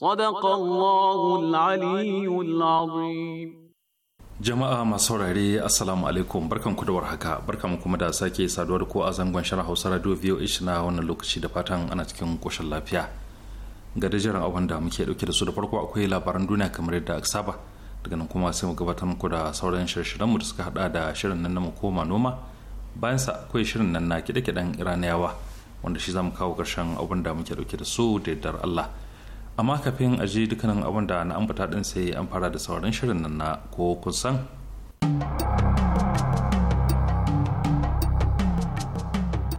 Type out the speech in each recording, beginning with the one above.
صدق الله العلي العظيم jama'a masu saurare assalamu alaikum barkan ku da warhaka barkan kuma da sake saduwa da ku a zangon shirin hausa radio voh na wannan lokaci da fatan ana cikin koshin lafiya ga dajeren abin da muke dauke da su da farko akwai labaran duniya kamar yadda aka saba daga nan kuma sai mu gabatar muku da sauran shirye-shiryen mu da suka hada da shirin nan na mu koma noma bayan sa akwai shirin nan na kide-kiden iraniyawa wanda shi zamu kawo karshen abin da muke dauke da su da yardar Allah amma kafin a ji dukkanin abin da na ambata din sai an fara da sauran shirin nan na ko kun san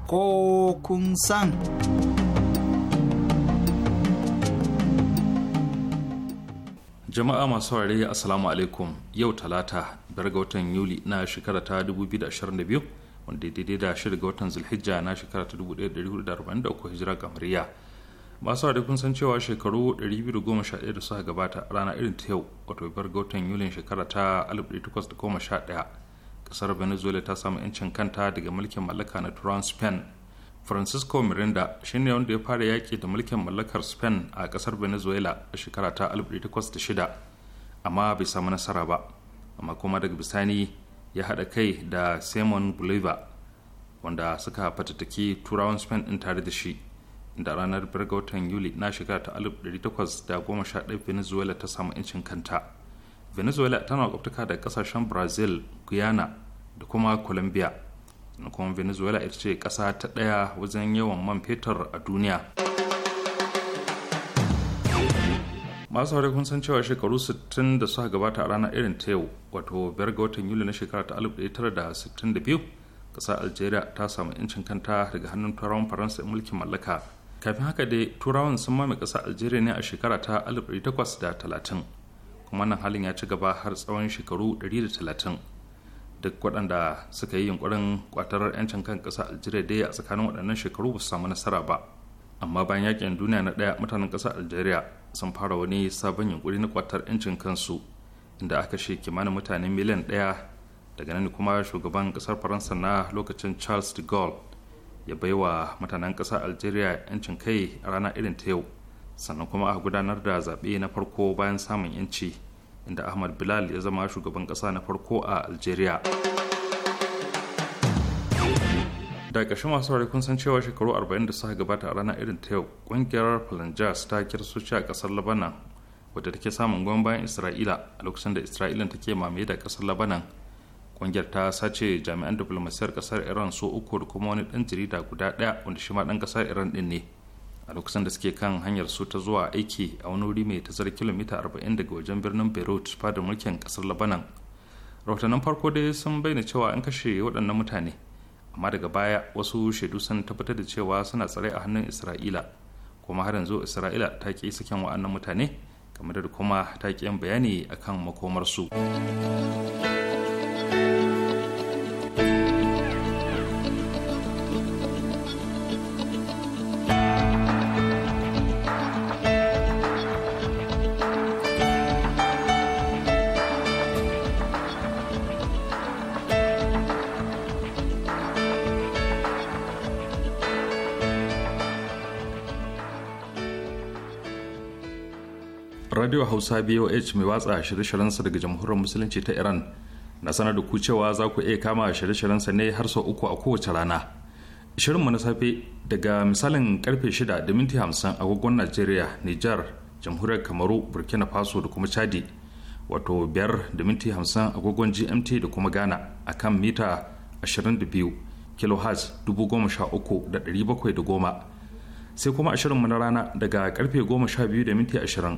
ko kun san jama'a masu ware assalamu alaikum yau talata biyar ga watan yuli na shekara ta 2022 wanda daidai da shirga watan zulhijja na shekara ta 1443 hijira kamariya masu da kun san cewa shekaru 211 da suka gabata rana irin ta yau wato bar ga watan yulin shekara ta 1811 kasar venezuela ta samu 'yancin kanta daga mulkin mallaka na turan spain francisco miranda shine wanda ya fara yaƙi da mulkin mallakar spain a kasar venezuela a shekara ta 1806 amma bai samu nasara ba amma kuma daga bisani ya haɗa kai da simon bolivar wanda suka fatattaki turawan spain ɗin tare da shi da ranar birga watan yuli na shekara ta 1811 venezuela ta samu 'yancin kanta venezuela tana kwaftuka da kasashen brazil guyana da kuma colombia na kuma venezuela ita ce kasa ta daya wajen yawan man fetur a duniya masu haure kun san cewa shekaru 60 da suka gabata a ranar irin ta yau wato biyar ga watan yuli na shekara ta 1962 kasar algeria ta samu 'yancin kanta daga hannun turawan faransa mulkin mallaka kafin haka dai turawan sun mame ƙasar algeria ne a shekara ta 1830 kuma nan halin ya ci gaba har tsawon shekaru 130 duk waɗanda suka yi yunkurin kwatarar 'yancin kan ƙasar algeria dai a tsakanin waɗannan shekaru ba su samu nasara ba amma bayan yakin duniya na ɗaya mutanen ƙasar algeria sun fara wani sabon yunkuri na kwatar 'yancin kansu inda aka she kimanin mutane miliyan ɗaya daga nan kuma shugaban ƙasar faransa na lokacin charles de gaulle ya baiwa mutanen ƙasa algeria 'yancin kai a rana irin ta yau sannan kuma aka gudanar da zaɓe na farko bayan samun 'yanci inda ahmad bilal ya zama shugaban ƙasa na farko a algeria da ƙarshen masu saurari kun san cewa shekaru 40 da suka gabata a rana irin ta yau ƙungiyar falangers ta kirsoci a ƙasar labanan wadda take samun goyon bayan isra'ila a lokacin da isra'ila take mamaye da ƙasar labanan kungiyar ta sace jami'an diplomasiyar kasar iran su uku da kuma wani dan jarida guda daya wanda shi ma ɗan kasar iran ɗin ne a lokacin da suke kan hanyar su ta zuwa aiki a wani wuri mai tazar kilomita 40 daga wajen birnin beirut fadar mulkin kasar labanan rahotannin farko dai sun bayyana cewa an kashe waɗannan mutane amma daga baya wasu shaidu sun tabbatar da cewa suna tsare a hannun isra'ila kuma har yanzu isra'ila ta ƙi saken wa'annan mutane kamar da kuma ta ƙi bayani akan makomarsu. radio hausa boh mai watsa shirye-shiryensa daga jamhuriyar musulunci ta iran na sanar da ku cewa za ku iya kama shirye sa ne har sau uku a kowace rana shirin mu na safe daga misalin karfe 6 da minti 50 agogon najeriya nijar jamhuriyar kamaru burkina faso da kuma chadi wato 5 da minti 50 agogon gmt da kuma ghana a kan mita 22 kilohertz 13710 sai kuma mu na rana daga karfe goma sha biyu da minti ashirin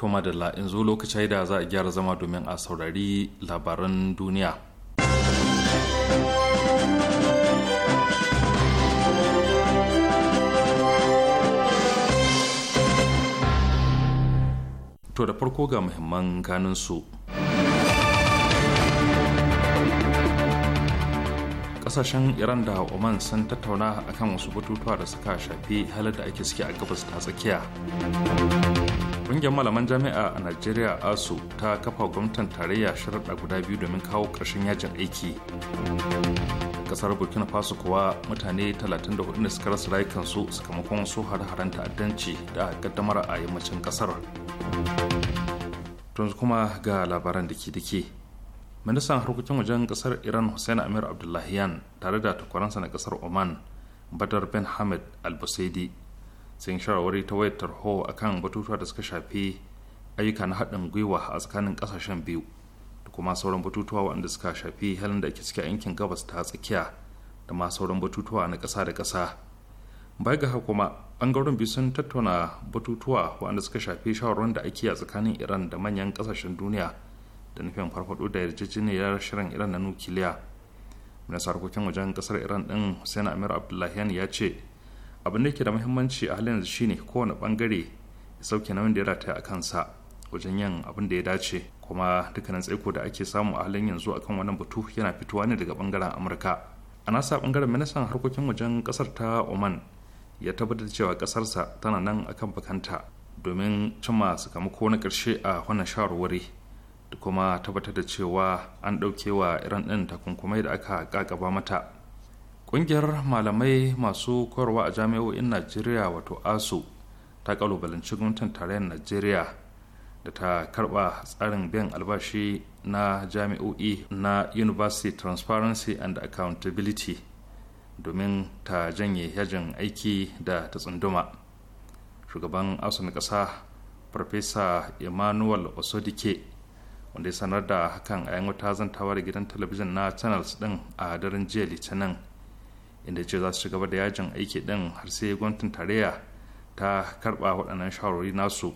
to madalla in zo lokacin da za a gyara zama domin a saurari labaran duniya to da farko ga muhimman kanin su kasashen iran da oman sun tattauna akan wasu batutuwa da suka shafi halar da ake suke a gabas ta tsakiya Ƙungiyar malaman jami'a a najeriya asu ta kafa gwamnatin tarayya sharaɗa guda biyu domin kawo ƙarshen yajin aiki Ƙasar burkina faso kuwa mutane 34 da suka rasa rayukansu sakamakon su har haren ta'addanci da kaddamar a yammacin ƙasar. Tun kuma ga labaran da ke ministan harkokin wajen ƙasar iran hussein amir abdullahiyan tare da takwaransa na ƙasar oman badar ben hamid al-busaidi sun shawarwari ta wayar tarho a kan batutuwa da suka shafi ayyuka na haɗin gwiwa a tsakanin ƙasashen biyu da kuma sauran batutuwa waɗanda suka shafi halin da ake ciki a yankin gabas ta tsakiya da ma sauran batutuwa na ƙasa da ƙasa bai ga kuma ɓangaren biyu sun tattauna batutuwa waɗanda suka shafi shawarwarin da ake a tsakanin iran da manyan ƙasashen duniya da nufin farfaɗo da yarjejeniyar shirin iran na nukiliya ministan harkokin wajen ƙasar iran ɗin hussein amir abdullahian ya ce abin da ke da muhimmanci a halin yanzu shine kowane bangare ya sauke nauyin da ya rataya a kansa wajen yin abin da ya dace kuma dukkanin tsaiko da ake samu a halin yanzu akan wannan batu yana fitowa ne daga bangaren amurka a nasa bangaren ministan harkokin wajen kasar ta oman ya tabbatar cewa kasarsa tana nan akan bakanta domin cimma sakamako na karshe a wannan shawarwari da kuma tabbatar da cewa an ɗauke wa iran ɗin takunkumai da aka ƙaƙaba mata ƙungiyar malamai masu koyarwa a jami'o'in najeriya wato asu ta kalubalanci gwamnatin tarayyar najeriya da ta karba tsarin biyan albashi na jami'o'i na university transparency and accountability domin ta janye yajin aiki da ta tsunduma shugaban asu na ƙasa farfesa emmanuel osodike wanda ya sanar da hakan a yan wata zantawar gidan talabijin na channels din a daren jiya litinin inda ce za su gaba da yajin aiki din har sai gwamnatin tarayya ta karba waɗannan shawarwari nasu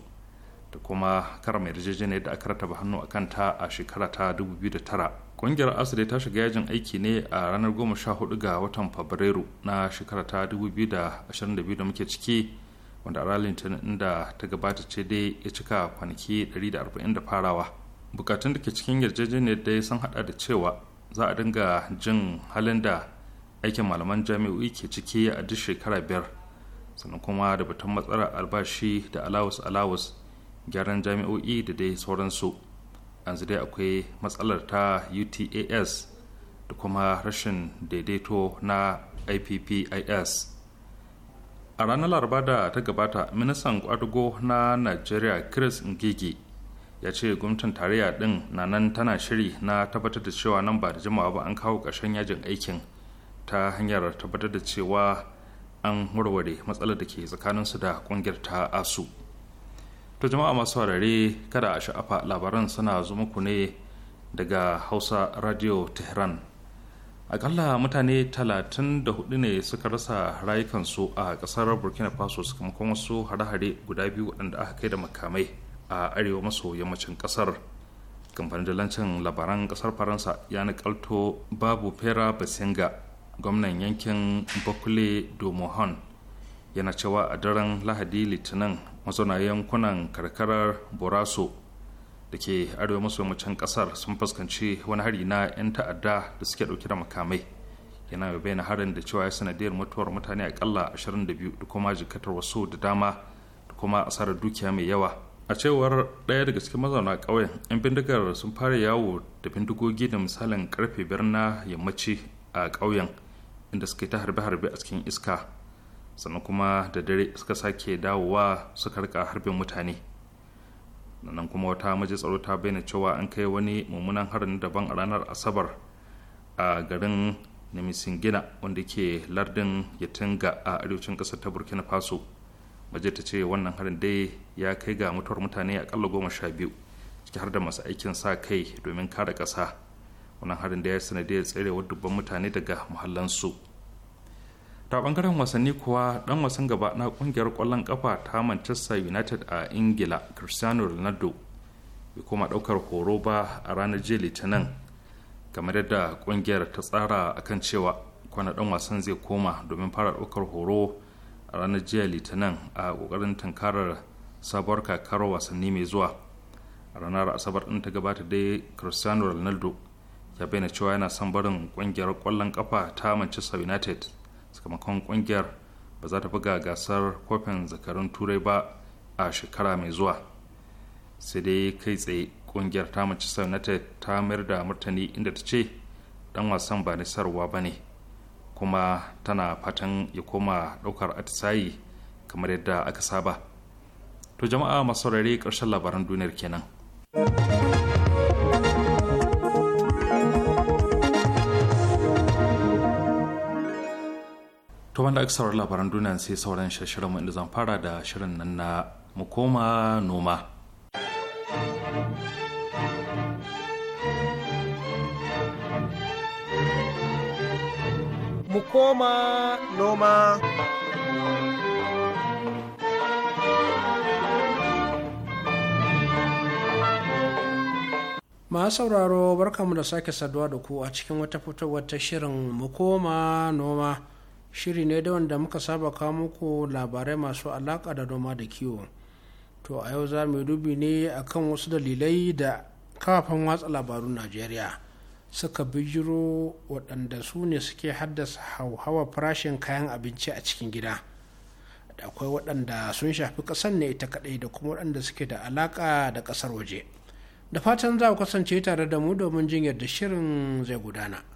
da kuma kara mai yarjejeniyar da aka rataba hannu a kanta a shekara ta 2009 ƙungiyar asiri ta shiga yajin aiki ne a ranar 14 ga watan fabrairu na shekara ta 2022 da muke ciki wanda a litinin inda ta gabata ce dai ya cika kwanaki 140 da farawa bukatun da ke cikin yarjejeniyar dai sun hada da cewa za a dinga jin halin da aikin malaman jami'o'i ke ciki a duk shekara biyar sannan kuma da batun matsalar albashi da alawus alawus gyaran jami'o'i da dai sauransu yanzu dai akwai matsalar ta utas da kuma rashin daidaito na ippis a ranar laraba da ta gabata ministan kwadugo na nigeria chris ngigi ya ce gwamnatin tarayya din na nan tana shiri na tabbatar da cewa nan ba da jimawa ba an kawo ƙarshen yajin aikin ta hanyar tabbatar da cewa an warware matsalar da ke tsakaninsu da kungiyar ta asu to jama'a masu warare kada a sha'afa labaran suna zo muku ne daga hausa radio tehran akalla mutane talatin da hudu ne suka rasa rayukansu a kasar burkina faso sakamakon wasu hare-hare guda biyu waɗanda aka kai da makamai a arewa maso yammacin kasar kamfanin dalancin labaran kasar faransa ya nakalto babu fera basinga gwamnan yankin bokule domohon yana cewa a daren lahadi litinin mazauna yankunan karkarar boraso da ke arewa maso yammacin kasar sun fuskanci wani hari na 'yan ta'adda da suke dauke da makamai yana mai bayyana harin da cewa ya sanadiyar mutuwar mutane akalla 22 da kuma jikatar wasu da dama da kuma asarar dukiya mai yawa a cewar ɗaya daga cikin mazauna ƙauyen 'yan bindigar sun fara yawo da bindigogi da misalin karfe birna yammaci a ƙauyen inda suka ta harbe-harbe a cikin iska sannan kuma da dare suka sake dawowa suka rika harbin mutane nan kuma wata maji tsaro ta bayyana cewa an kai wani mummunan harin daban a ranar asabar a garin gina wanda ke lardin yatinga a arewacin ƙasar ta burkina faso maje ta ce wannan harin dai ya kai ga mutuwar mutane akalla goma sha biyu ciki har da masu aikin sa kai domin kare ƙasa wannan harin da ya sanadiyar tserewar dubban mutane daga muhallansu ta bangaren wasanni kuwa dan wasan gaba na kungiyar kwallon kafa ta manchester united a ingila cristiano ronaldo bai koma daukar horo ba a ranar jiya litinin kamar yadda kungiyar ta tsara akan cewa kwana dan wasan zai koma domin fara daukar horo a ranar jiya litinin a kokarin tankarar sabuwar kakar wasanni mai zuwa ranar asabar din ta gabata dai cristiano ronaldo ya bayyana cewa yana son barin kungiyar kwallon kafa ta manchester united sakamakon kungiyar ba za ta buga gasar kofin zakarun turai ba a shekara mai zuwa sai dai kai tsaye kungiyar ta manchester united ta mayar da martani inda ta ce dan wasan ba nisarwa ba ne kuma tana fatan ya koma daukar atisayi kamar yadda aka saba to jama'a masu rare ƙarshen labaran duniyar kenan. to wanda aka saurari labaran duniya sai sauran shirin mu inda zan fara da shirin nan na mu noma mu noma Ma sauraro barkamu da sake saduwa da ku a cikin wata fitowar ta shirin mukoma noma shiri ne da wanda muka saba kawo muku labarai masu alaƙa da noma da kiwo to a yau za mu dubi ne akan wasu dalilai da kafafen watsa labarun najeriya suka bijiro waɗanda su ne suke haddasa hauhawa farashin kayan abinci a cikin gida da akwai waɗanda sun shafi ƙasar ne ita kaɗai da kuma waɗanda suke da alaƙa da ƙasar waje da fatan za ku kasance tare da mu domin jin yadda shirin zai gudana.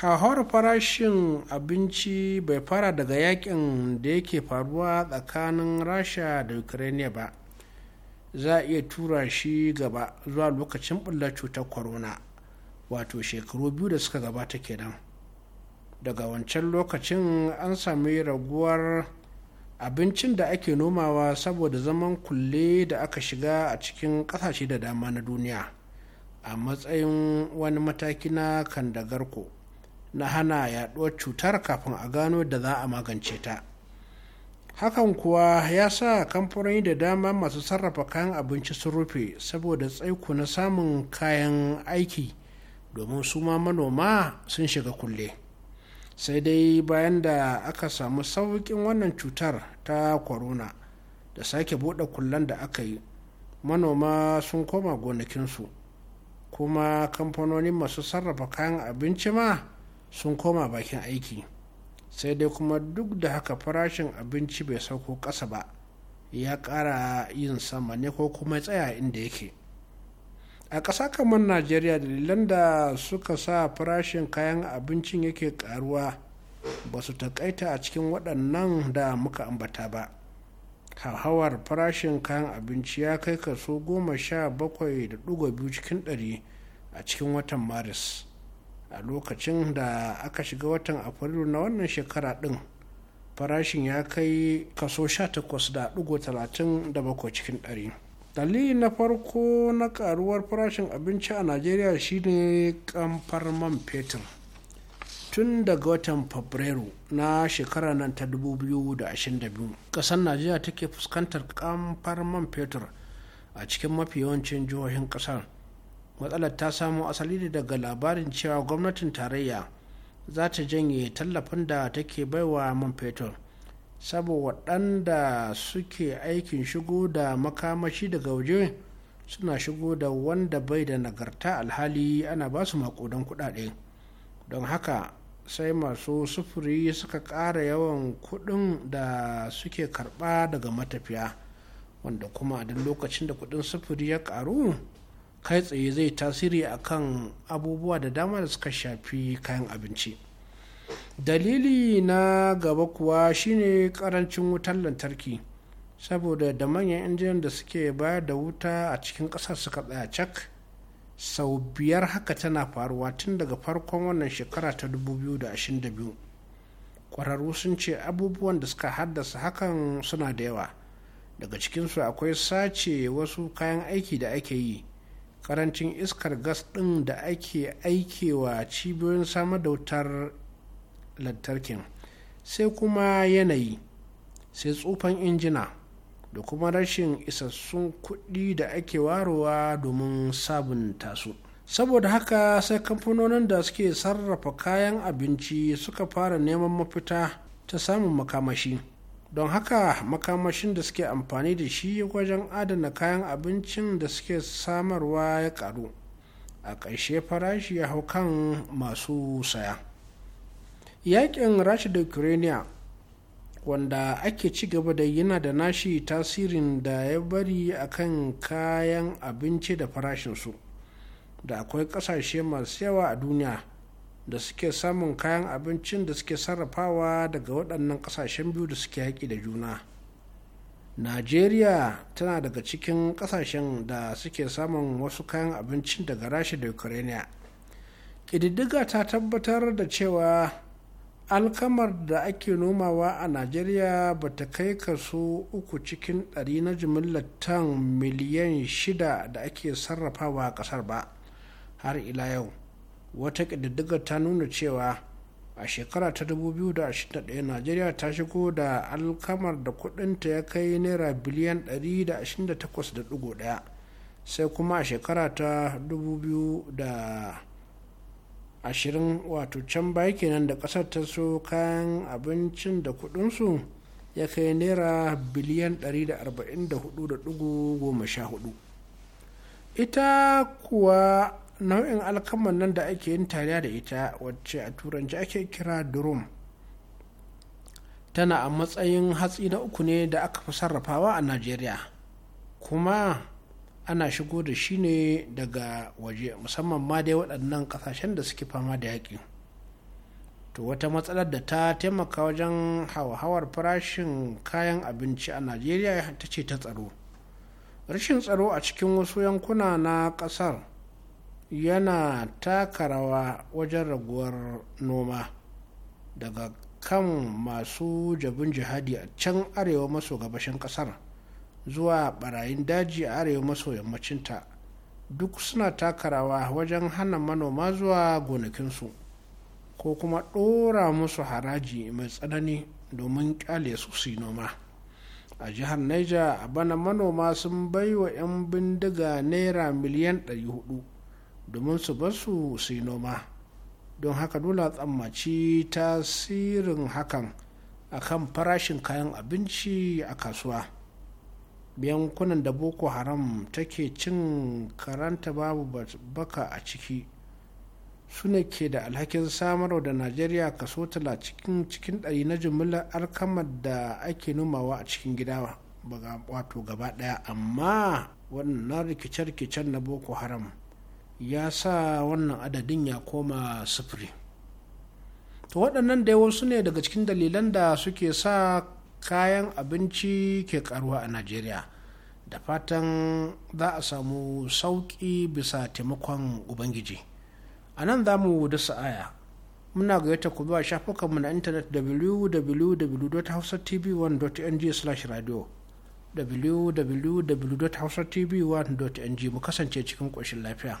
hauhawar farashin abinci bai fara daga yakin da yake faruwa tsakanin rasha da ukraine ba za a iya tura shi gaba zuwa lokacin bullar cutar corona wato shekaru biyu da suka gabata kenan daga wancan lokacin an sami raguwar abincin da ake nomawa saboda zaman kulle da aka shiga a cikin kasashe da dama na duniya a matsayin wani mataki na kandagarko na hana yaduwar cutar kafin a gano da za a magance ta hakan kuwa ya sa kamfanoni da dama masu sarrafa kayan abinci sun rufe saboda tsaiko na samun kayan aiki domin su ma manoma sun shiga kulle sai dai bayan da aka samu sauƙin wannan cutar ta corona da sake buɗe kullan da aka yi manoma sun koma gonakinsu kuma kamfanoni masu sarrafa kayan abinci ma sun koma bakin aiki sai dai kuma duk da haka farashin abinci bai sauko ƙasa ba ya ƙara yin sama ne ko kuma tsaya inda yake a ƙasa kamar najeriya dalilan da suka sa farashin kayan abincin yake ƙaruwa ba su taƙaita a cikin waɗannan da muka ambata ba hauhawar farashin kayan abinci ya kai kaso goma sha bakwai da cikin ɗari a cikin watan maris a lokacin da aka shiga watan afrilu na wannan shekara din farashin ya kai kaso 18.37 cikin 100 dalili na farko na karuwar farashin abinci a najeriya shine kamfar man fetur tun daga watan fabrairu na shekara nan ta 2022 kasar najeriya take fuskantar kamfar man fetur a cikin mafi yawancin jihohin kasar matsalar ta samo asali ne daga labarin cewa gwamnatin tarayya za ta janye tallafin da take baiwa man fetur saboda waɗanda suke aikin shigo da makamashi daga waje suna shigo da wanda bai da nagarta alhali ana ba su makudan kuɗaɗe don haka sai masu sufuri suka ƙara yawan kuɗin da suke karɓa daga matafiya wanda kuma a duk lokacin da kuɗin sufuri ya ƙaru kai tsaye zai tasiri a kan abubuwa da dama da suka shafi kayan abinci dalili na gaba kuwa shine karancin wutar lantarki saboda da manyan injiniyan da suke bayar da wuta a cikin ƙasar suka tsaya cak sau biyar haka tana faruwa tun daga farkon wannan shekara ta 2022 ƙwararru sun ce abubuwan da suka haddasa hakan suna da yawa daga cikinsu akwai sace wasu kayan aiki da ake yi karancin iskar gas ɗin da ake aikewa cibiyoyin samar da wutar lantarkin sai kuma yanayi sai tsufan injina da kuma rashin isassun kuɗi da ake warowa domin sabunta su saboda haka sai kamfanonin da suke sarrafa kayan abinci suka fara neman mafita ta samun makamashi don haka makamashin da suke amfani da shi wajen adana kayan abincin da suke samarwa ya karu a ƙarshe farashi ya hau kan masu saya yakin rashi da ukraine wanda ake ci gaba da yana da nashi tasirin da ya bari akan kayan abinci da farashinsu da akwai ƙasashe masu yawa a duniya da suke samun kayan abincin da suke sarrafawa daga waɗannan ƙasashen biyu da suke haƙi da juna najeriya tana daga cikin ƙasashen da suke samun wasu kayan abincin daga rasha da ukraine ƙididdiga ta tabbatar da cewa alkamar da ake nomawa a najeriya ba ta kai kaso uku cikin ɗari na jimillar tan miliyan shida da ake sarrafawa a ƙasar ba har ila yau wata ƙididdigar ta nuna cewa a shekara ta 2021 najeriya ta shigo da alkamar da kudinta ya kai naira biliyan 128.1 sai kuma a shekara ta 2020 wato can baya kenan da ƙasar ta so kayan abincin da kudinsu ya kai naira biliyan 144.14 ita kuwa nau'in alkaman nan da ake yin tariya da ita wacce a turanci ake kira durum tana a matsayin hatsi na uku ne da aka fi sarrafawa a najeriya kuma ana shigo da shi ne daga waje musamman ma dai waɗannan ƙasashen da suke fama da yaƙi to wata matsalar da ta taimaka wajen hauhawar farashin kayan abinci a najeriya ta ce ta tsaro rashin tsaro a cikin wasu yankuna na ƙasar yana taka rawa wajen raguwar noma daga kan masu jabin jihadi a can arewa maso gabashin kasar zuwa barayin daji a arewa maso yammacinta duk suna taka rawa wajen hana manoma zuwa gonakinsu ko kuma ɗora musu haraji mai tsanani domin kyale su su noma a jihar niger a bana manoma sun bai wa 'yan bindiga naira miliyan 400 domin su basu su yi noma don haka dole tsammaci tasirin hakan a kan farashin kayan abinci a kasuwa yankunan da boko haram take cin karanta babu baka a ciki su ne ke da alhakin samarwa da najeriya kaso 30 cikin ɗari na jimillar alkamar da ake numawa a cikin gida wato gaba ɗaya amma waɗannan rikice-rikicen na boko haram ya sa wannan adadin ya koma sufuri. to waɗannan dai wasu ne daga cikin dalilan da suke sa kayan abinci ke karuwa a najeriya da fatan za a samu sauƙi bisa taimakon ubangiji a nan za mu da sa'aya muna gayyata ku zuwa shafukanmu na intanet www.hausatv1.ng/radio www.hausatv1.ng mu kasance cikin ƙoshin lafiya.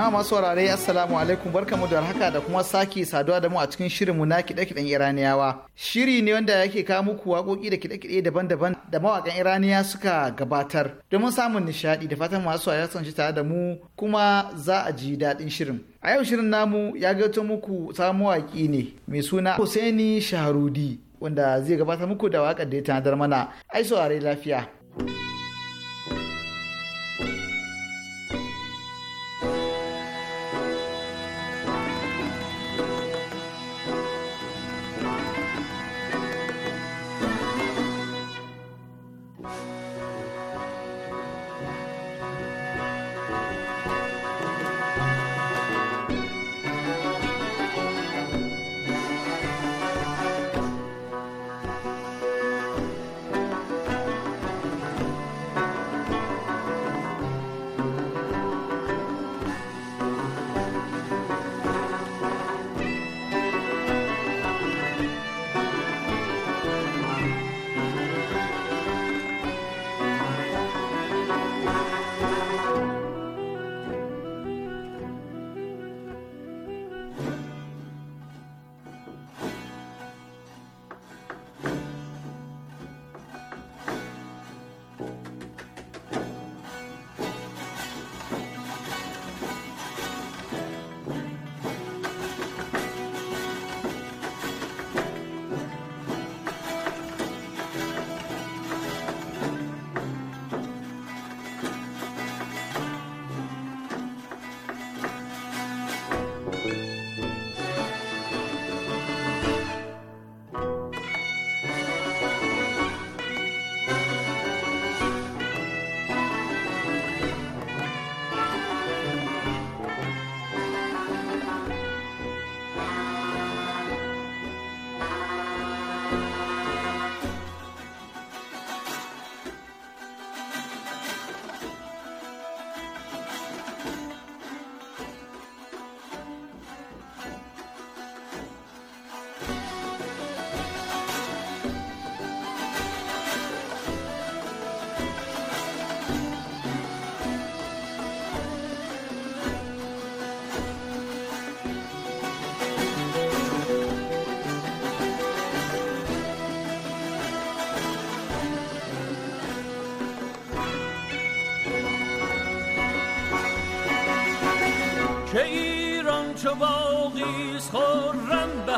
jama'a masu warare assalamu alaikum barkamu da haka da kuma sake saduwa da mu a cikin mu na kiɗe-kiɗen iraniyawa shiri ne wanda yake kawo muku waƙoƙi da kiɗe-kiɗe daban-daban da mawaƙan iraniya suka gabatar domin samun nishaɗi da fatan masu ya shi tare da mu kuma za a ji daɗin shirin a yau shirin namu ya gato muku sabon mawaƙi ne mai suna Hussaini Shaharudi wanda zai gabatar muku da waƙar da ya tanadar mana ai saurare lafiya.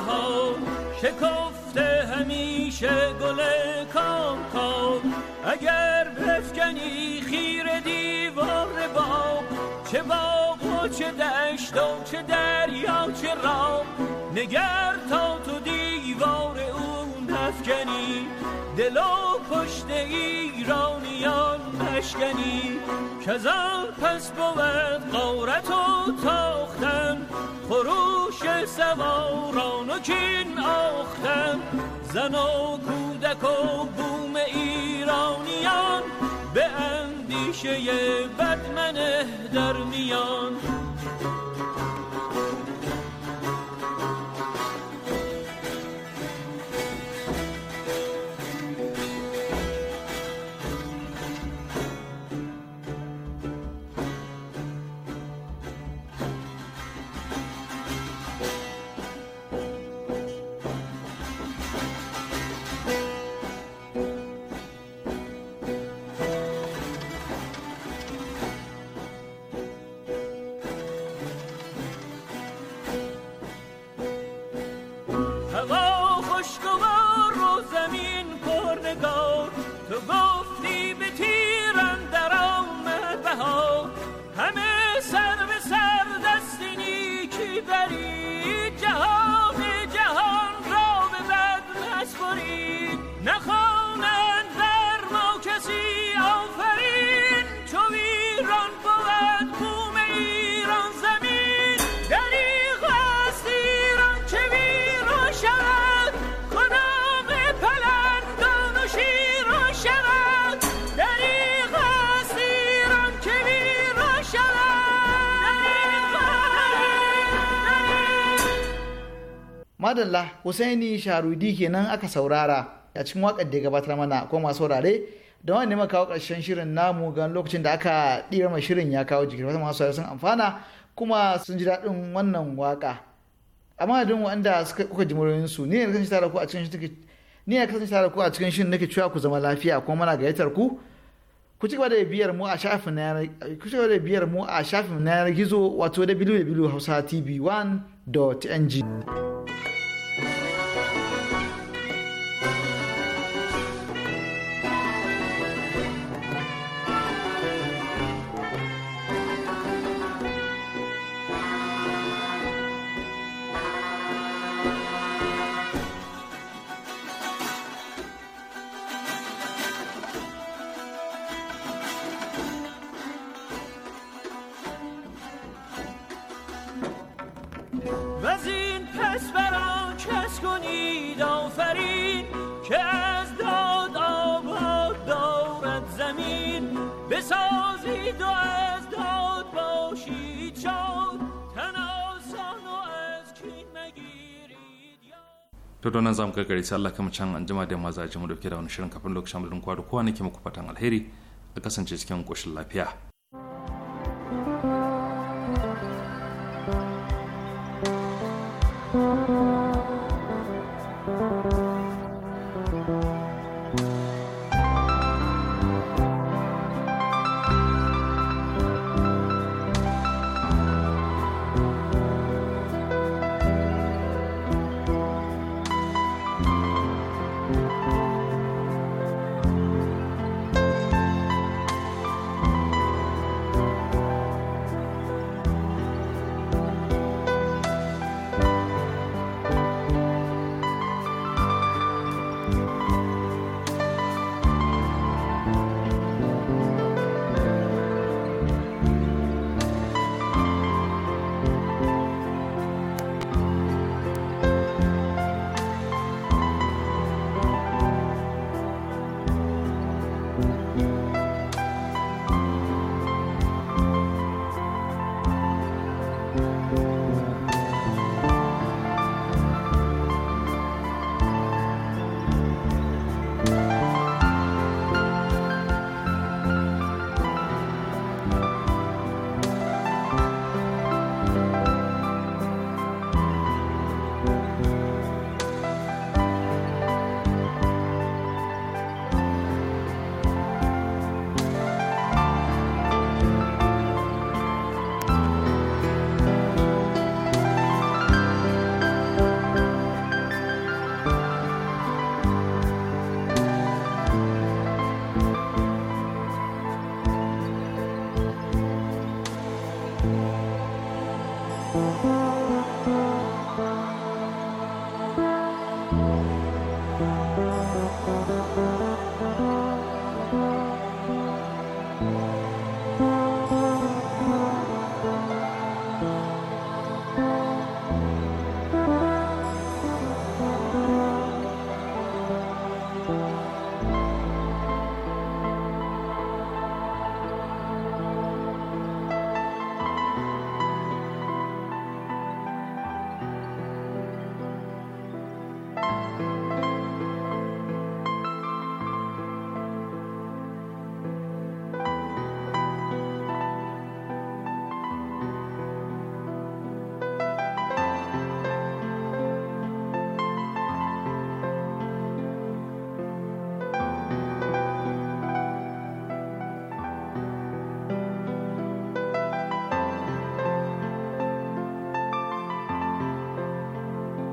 ها شکفته همیشه گل کام کام اگر بفکنی خیر دیوار با چه باغ و چه دشت و چه دریا چه راه نگر تا تو دیوار اون نفکنی دل و پشت ایران میان نشگنی که پس بود قارت و تاختن خروش سواران و کین آختن زن و کودک و بوم ایرانیان به اندیشه بدمنه در میان madalla husaini sharudi kenan aka saurara a cikin wakar da ya gabatar mana ko masu saurare da wani ma kawo ƙarshen shirin namu gan lokacin da aka ɗira mai shirin ya kawo jikin wata masu sun amfana kuma sun ji daɗin wannan waka amma da wanda suka kuka ji muryoyin su ne kasance tare ku a cikin shirin ni ne kasance tare ku a cikin shirin nake cewa ku zama lafiya kuma muna gayyatar ku ku ci gaba da biyar mu a shafin na ku ci gaba da biyar mu a shafin na gizo wato www.hausatv1.ng to don nan zamu gargare sai Allah kuma can an jima da maza ji mu dauke da wani shirin kafin lokacin da kwa da kowa nake muku fatan alheri a kasance cikin koshin lafiya